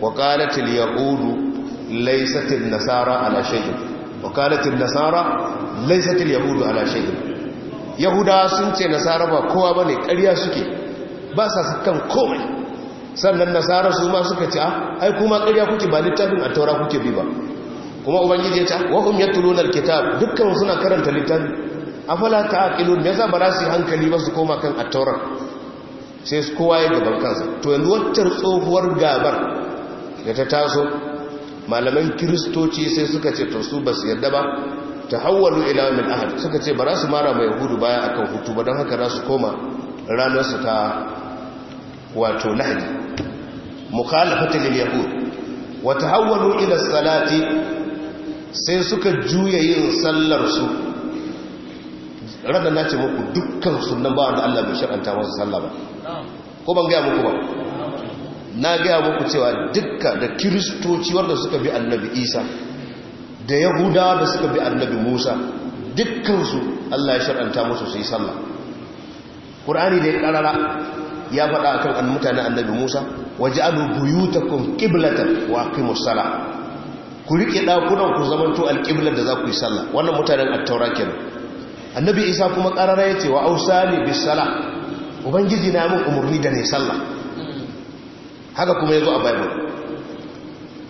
wa qalatil yahudu laysatil nasara ala shay'in wakalatin nasara laisatil yahudu على شيء yahudawa sun ce nasara ba kowa bane ƙarya suke ba sa kan komai sannan nasara su ma suka ce ai kuma ƙarya kuke ba littafin a kuke bi ba kuma ubangiji ya ce hum yatuluna alkitab dukkan suna karanta littafin afala ta'qilun me yasa ba za su hankali ba su koma kan at sai sai kowa ya gaban kansa to yanzu wancan tsohuwar gabar da ta taso malaman kiristoci sai suka ce to su ba su yadda ba ta hawalu ila min ahad suka ce ba za su mara mai yahudu baya akan hutu ba don haka za su koma ranar su ta wato lahadi mukhalafatul lil yahud wa tahawalu ila salati sai suka juya yin sallar su ranar nace muku dukkan sunan ba wanda Allah bai shar'anta masa sallah ba ko ban gaya muku ba na gaya muku cewa dukka da kiristoci da suka bi annabi isa da Yahuda da suka bi annabi musa dukkansu allah ya shar'anta musu su yi sallah ƙur'ani da ya ƙarara ya faɗa akan kan mutane annabi musa waje alu buyutakum qiblatan wa aqimus sala ku riƙe ɗakunan ku zamanto alƙiblar da za ku yi sallah wannan mutanen attaura kenan annabi isa kuma ƙarara yace wa ausani bis sala ubangiji na mun umarni da ne sallah haka kuma ya zo a bible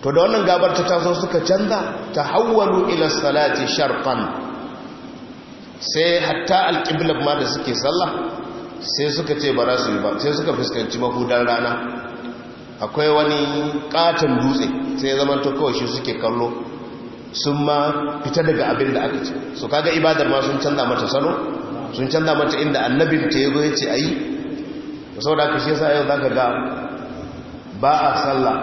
to da wannan gabar ta taso suka canza ta hawalu ila salati sharqan sai hatta alqiblat ma da suke sallah sai suka ce ba su yi ba sai suka fuskanci mahudan rana akwai wani katon dutse sai zama to kawai shi suke kallo sun ma fita daga abin da aka ce su kaga ibadar ma sun canza mata salo sun canza mata inda annabin ta yi ce yace ayi saboda haka shi yasa yau zaka ga ba a sallah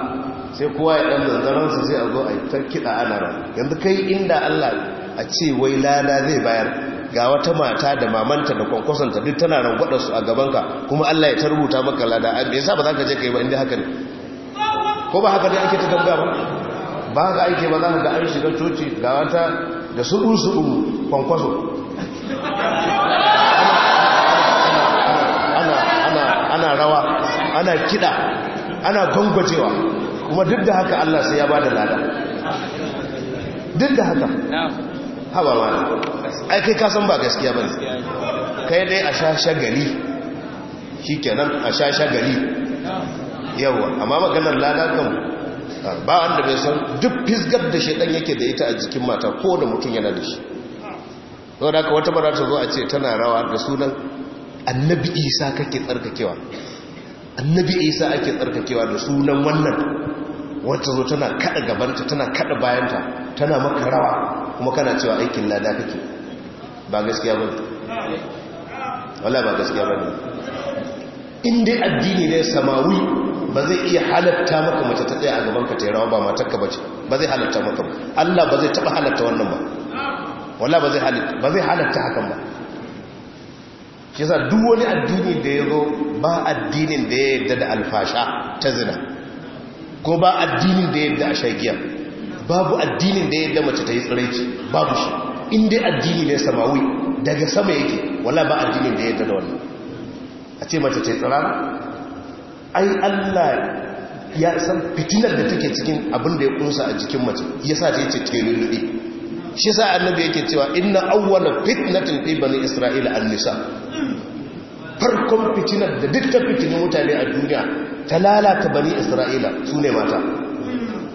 sai kowa ya ɗan zanzaransa sai a zo a yi ta kiɗa ana ran yanzu kai inda allah a ce wai lada zai bayar ga wata mata da mamanta da kwankwasanta duk tana rangwada su a gabanka kuma allah ya ta rubuta maka lada a me yasa ba za ka je ka yi ba inda haka ne ko ba haka ne ake ta tambaya ba ba haka ake ba za ka ga an shiga coci ga wata da suɗu-suɗu kwankwaso ana rawa ana kiɗa ana gwangwajewa kuma duk da haka Allah sai ya ba da lada duk da haka haba mana ai kai kasan ba gaskiya ba kai dai a sha shagali shi kenan a sha shagali yawa amma maganar lada kan ba wanda bai san duk fisgar da shaidan yake da ita a jikin mata ko da mutum yana da shi wadda da wata mara ta zo a ce tana rawa da sunan annabi isa kake tsarkakewa annabi isa ake tsarkakewa da sunan wannan wacce zo tana kada gabanta tana kada bayanta tana maka rawa kuma kana cewa aikin lada kake ba gaskiya ba wala ba gaskiya ba ne inda addini ne samawi ba zai iya halatta maka mace ta tsaya a gabanka ta yi rawa ba matakka ba ce ba zai halatta maka ba Allah ba zai taba halatta wannan ba wala ba zai halatta hakan ba shi sa duk wani addini da ya zo ba addinin da ya yadda da alfasha ta zina ko ba addinin da ya yadda a shagiya babu addinin da ya yadda mace ta yi tsiraici babu shi inda addini ne samawi daga sama yake wala ba addinin da ya yadda da wani. a ce mace ta yi tsira? ai allah ya san fitinar da take cikin abin da ya kunsa a jikin mace ya sa ta yi ce ta yi shi sa annabi yake cewa inna awwala fitnatin fi bani isra'ila an-nisa farkon fitinar da duk ta mutane a duniya ta lalata bani isra'ila su ne mata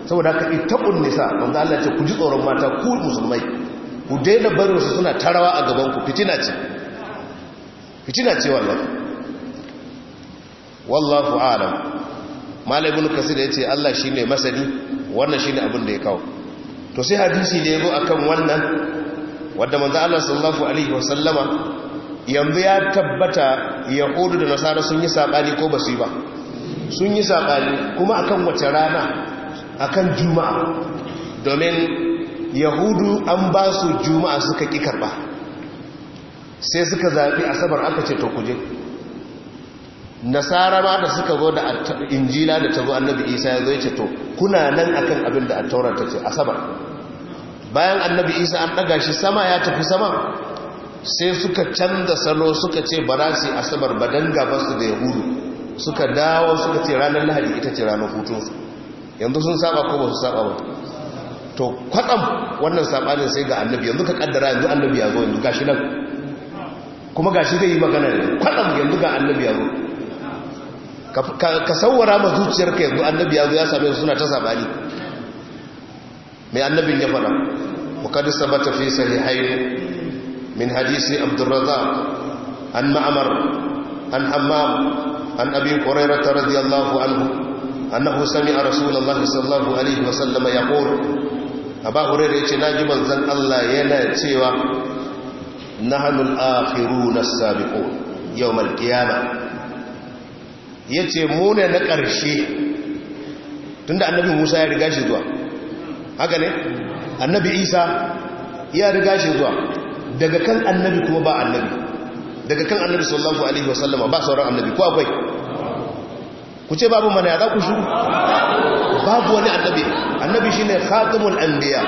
saboda ka ittaqun nisa wanda Allah ce ku ji tsoron mata ku musulmai ku daina barin su suna tarawa a gaban ku fitina ce fitina ce wallahi wallahu a'lam malamin kasir yace Allah shine masani wannan shine abin da ya kawo to sai hadisi da ya zo akan wannan wadda manzo Allah sallallahu alaihi wasallama yanzu ya tabbata yahudu da nasara sun yi sabani ko basu yi ba sun yi sabani kuma akan wace rana akan juma'a domin yahudu an ba su juma'a suka ki karba sai suka zabi asabar aka ce to kuje nasara ma da suka zo da injila da ta zo annabi isa ya zo ya ce to kuna nan akan abin da attaura ta ce asabar bayan annabi isa an ɗaga shi sama ya tafi sama sai suka canza salo suka ce barasi za su yi asabar ba su gabansu da yahudu suka dawo suka ce ranar lahadi ita ce ranar hutunsu yanzu sun saba ko ba su saba ba to kwaɗam wannan saɓanin sai ga annabi yanzu ka ƙaddara yanzu annabi ya zo yanzu gashi nan kuma gashi zai yi magana ne kwaɗam yanzu ga annabi ya zo ka sauwara ma zuciyarka yanzu annabi ya zo ya same su suna ta saɓani mai annabin ya fada muqaddasa ba ta fi sahihain min hadisi abdurrazzaq an ma'mar an hammam an abi hurairah radhiyallahu anhu annahu sami'a rasulullahi sallallahu alaihi wa sallam yaqul aba hurairah yace naji manzon Allah yana cewa nahnu al-akhirun as-sabiqun yawm al-qiyamah yace mu ne na ƙarshe tunda annabi Musa ya riga shi zuwa haka ne annabi isa ya riga shi zuwa daga kan annabi kuma ba annabi daga kan annabi sallallahu alaihi wasallama ba sauran annabi ko akwai ku ce babu mana ya za ku shuru babu wani annabi annabi shine khatimul anbiya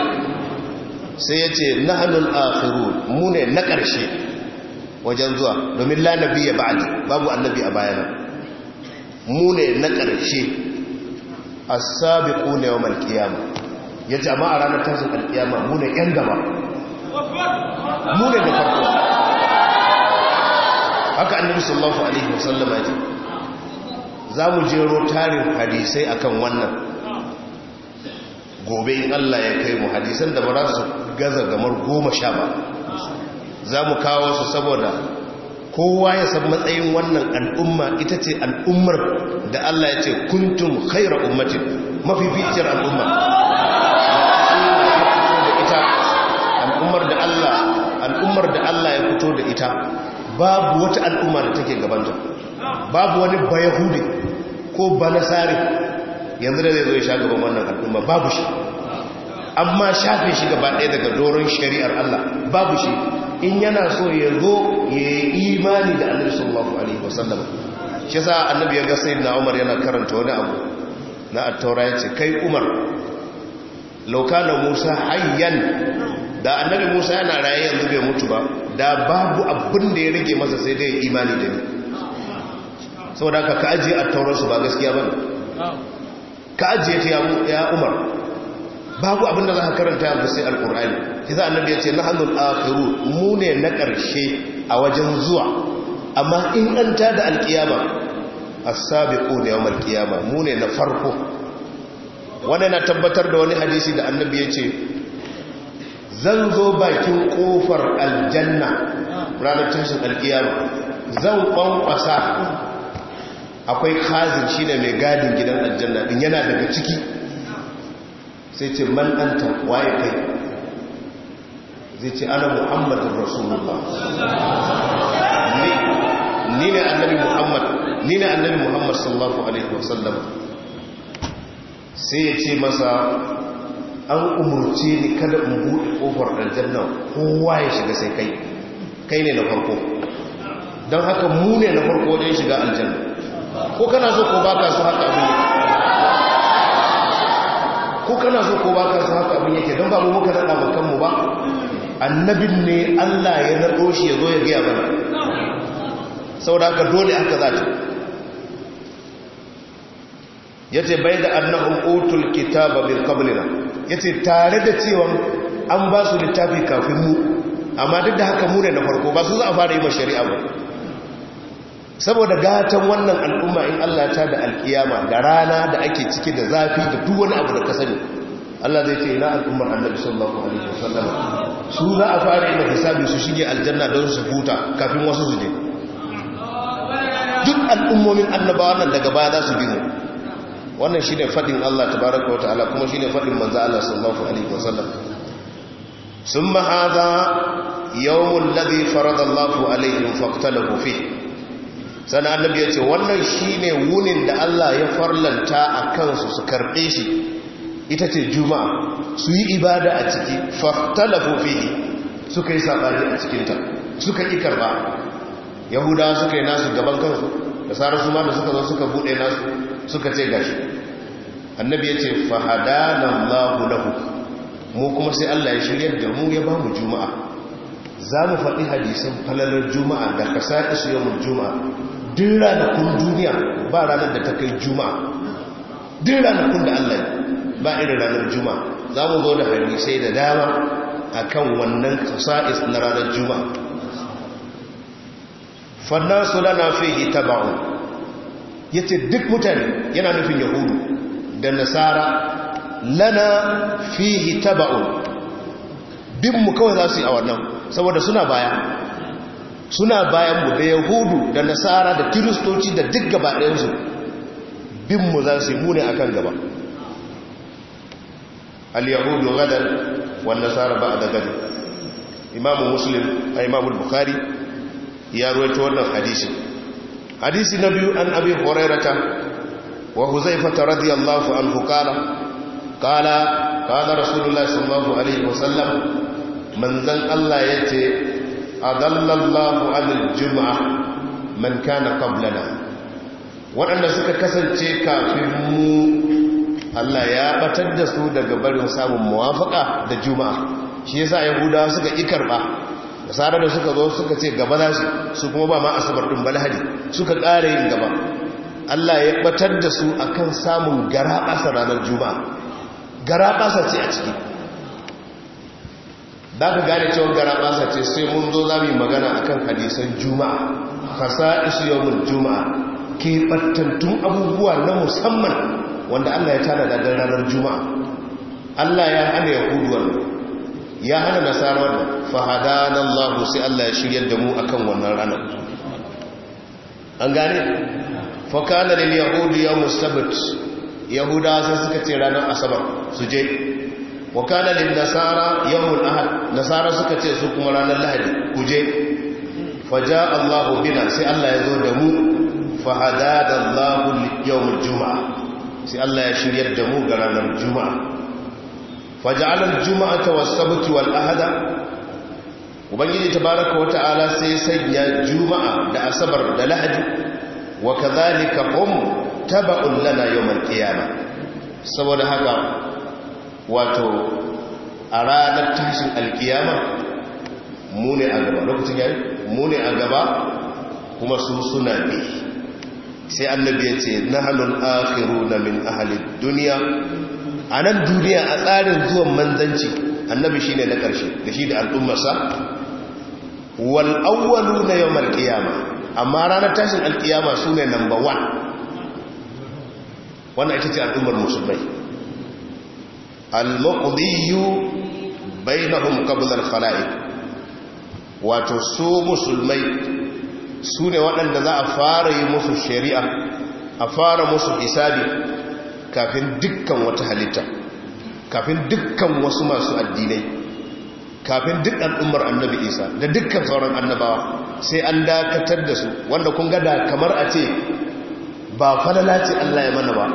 sai ya ce nahanul akhiru mu ne na ƙarshe wajen zuwa domin la nabi ya ba'di babu annabi a bayana mu ne na ƙarshe as-sabiquna yawmal qiyamah ya ce amma a ranar tashin alkiyama muna yan gaba muna da farko haka annabi sallallahu alaihi wasallam ya ce za mu jero tarin hadisai akan wannan gobe in Allah ya kai mu hadisan da ba za su gaza gamar goma sha ba za mu kawo su saboda kowa ya san matsayin wannan al'umma ita ce al'ummar da Allah ya ce kuntum khaira ummatin mafificiyar al'umma al'ummar da Allah al'ummar da Allah ya fito da ita babu wata al'umma da take gabanta babu wani bayahudi ko banasari yanzu da zai zo ya sha gaban wannan al'umma babu shi amma shafe shi gaba ɗaya daga doron shari'ar Allah babu shi in yana so ya zo ya yi imani da annabi sallallahu alaihi wasallam shi yasa annabi ya ga sayyidina Umar yana karanta wani abu na at-taura kai Umar law kana Musa hayyan da annabi musa yana raye yanzu bai mutu ba da babu abin da ya rage masa sai dai imani da ni saboda haka ka ajiye a taurarsu ba gaskiya ba ka ajiye ta ya umar babu abin da za ka karanta yanzu sai alkur'ani kisa annabi ya ce na hannun Afiru mu ne na ƙarshe a wajen zuwa amma in an ta da alkiyama ko ne yawmal qiyama mu ne na farko wannan na tabbatar da wani hadisi da annabi ya ce zan zo bakin kofar aljanna ranar tashin alkiyar zan kwankwasa akwai kazin shi da mai gadin gidan aljanna din yana daga ciki sai ce man ɗanta waye kai zai ce ana muhammadin rasulullah ni ne annabi ni ne annabi muhammad sallallahu alaihi wasallam sai ya ce masa an umurce ni kada in buɗe ƙofar aljanna kowa ya shiga sai kai kai ne na farko don haka mu ne na farko wajen shiga aljanna ko kana so ko baka so haka abin yake ko kana so ko baka so haka abin yake don ba mu muka nada ba kanmu ba annabin ne Allah ya nado shi ya zo ya gaya mana saboda haka dole haka za ta yace bai da annahum utul kitaba min qablina yace tare da cewa an ba su littafi kafin mu amma duk da haka mu ne na farko ba su za a fara yi ba shari'a ba saboda gatan wannan al'umma in Allah ta da alkiyama da rana da ake ciki da zafi da duk wani abu da ka sani Allah zai ce ina al'ummar Annabi sallallahu alaihi wasallam su za a fara yi hisabi su shige aljanna don su huta kafin wasu su je duk al'ummomin annabawa nan daga baya za su bi mu wannan shine fadin Allah baraka wa ta'ala kuma shine fadin manza Allah sallallahu alaihi wasallam za hadha yawmul ladhi farada Allah fakta da fi sana annabi ce wannan shine wunin da Allah ya farlanta a kansu su karɓe shi ita ce juma'a su yi ibada a ciki faqtalahu fihi suka yi sabani a cikinta. suka yi karɓa. yahudawa suka yi nasu gaban kansu da su ma da suka zo suka buɗe nasu suka ce gashi annabi ya ce fahadana Allahu lahu mu kuma sai Allah ya shiryar da mu ya ba mu juma'a za mu faɗi hadisan falalar juma'a da kasaisu yawmul juma'a Din ranakun duniya ba ranar da ta kai juma'a Din ranakun da Allah ba irin ranar juma'a za mu zo da hadisai da dama a kan wannan kasa'is na ranar juma'a su lana hita taba'un ya ce duk mutane yana nufin yahudu da nasara lana fihi taba'un binmu kawai za su yi a wannan saboda suna baya suna bayan mu da yahudu da nasara da kiristoci da duk gaba ɗayansu binmu za su yi mune akan gaba al-yahudu gadar wa nasara ba a da gadar imamu muslim a imamu bukhari ya ruwaito wannan hadisin hadisi na biyu an abi hurairata wa huzaifata radiyallahu anhu qala qala qala rasulullahi sallallahu alaihi wasallam manzan Allah yace adallallahu anil jum'a man kana qablana waɗanda suka kasance kafin mu Allah ya batar da su daga barin samun muwafaka da juma'a shi yasa yahudawa suka karɓa sa'ada da suka zo suka ce gaba za su su kuma ba ma asabar ɗin balhari suka ƙara yin gaba Allah ya batar da su akan samun gara ƙasa ranar juma'a gara ɓasa ce a ciki za ka gane cewa gara ɓasa ce sai mun zo za mu yi magana kan hadisan juma'a fasa isu mun juma'a ke ɓattantun abubuwa na musamman wanda Allah ya tana da ranar juma'a Allah ya hana yahudu ya hana nasara nan Allah sai Allah ya shirya da mu akan wannan ranar an gane fa kana lil yahudi yawm yahuda sai suka ce ranar asabar su je wa kana nasara yawm ahad nasara suka ce su kuma ranar lahadi ku je faja Allah bina sai Allah ya zo da mu da Allah yawm juma'a sai Allah ya shirya da mu ga ranar juma'a waja'alal juma'ata ta sabt wal-ahada ubangiji tabaraka wa ta'ala sai sanya juma'a da asabar da lahadi wa kadhalika hum taba'un lana yawmal qiyamah saboda haka wato a ranar tashin alkiyama mu ne a gaba lokacin yari mu ne a gaba kuma su suna bi sai annabi ya ce na halin min ahalin duniya a nan duniya a tsarin zuwan manzanci annabi shi ne na ƙarshe da shi da al'ummarsa wal'awwalu na yau alƙiyama amma ranar tashin alƙiyama su ne number one wannan ake ce al'ummar musulmai al-maqdiyu bainahum qabla al-khalaiq wato su musulmai su ne waɗanda za a fara yi musu shari'a a fara musu hisabi kafin dukkan wata halitta kafin dukkan wasu masu addinai kafin duk al'ummar annabi isa da dukkan sauran annabawa sai an dakatar da su wanda kun gada kamar a ce ba falala ce allah ya mana ba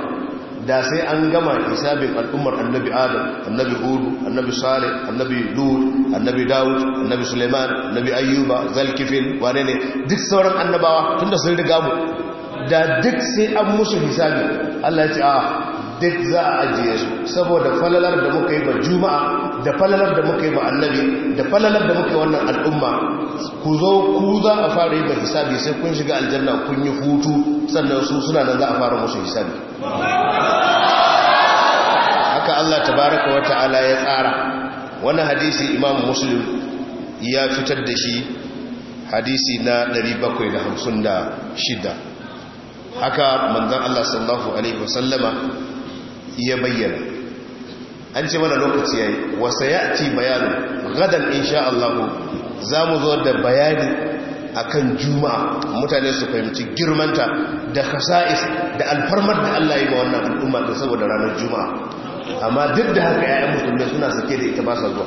da sai an gama hisabin al'ummar annabi adam annabi hudu annabi sare annabi lud annabi dawud annabi suleiman annabi ayyuba zalkifin wane ne duk sauran annabawa tun da sun riga mu da duk sai an musu hisabi Allah ya ce a ah, duk za a ajiye su saboda falalar da muka yi ba juma'a da falalar da muka yi ba annabi da falalar da muka yi wannan al'umma ku zo ku za a fara yi ba hisabi sai kun shiga aljanna kun yi hutu sannan su suna nan za a fara musu hisabi haka Allah tabaraka wa ta'ala ya tsara wannan hadisi imam muslim ya fitar da shi hadisi na 756 haka manzan Allah sallallahu alaihi wasallama ya bayyana an ce mana lokaci yayi wasa ya'ti bayani, gadan insha Allah za mu zo da bayani akan juma'a mutane su fahimci girmanta da khasa'is da alfarmar da Allah ya ba wannan al'umma da saboda ranar juma'a amma duk da haka 'ya'yan musulmi suna sake da ita ba sa zuwa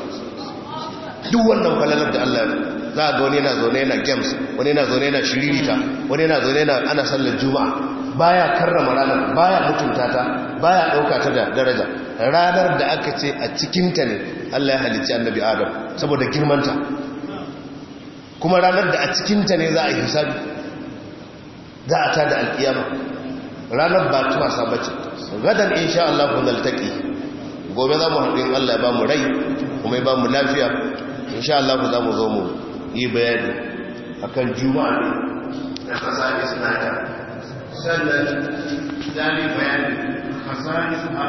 duk wannan falalar da Allah za a ga wani yana zaune na games wani yana zaune na shiririta wani yana zaune na ana sallar juma'a baya karrama ranar baya mutunta ta baya dauka ta da daraja ranar da aka ce a cikinta ne Allah ya halicci annabi Adam saboda girmanta kuma ranar da a cikinta ne za a yi hisabi za a da alkiyama ranar ba tuwa sabace gadan insha Allah ku zaltaki gobe za mu haɗin Allah ya ba mu rai kuma ya ba mu lafiya insha Allah za mu zo mu yi bayani akan juma'a ne fasari sannan bayani fasari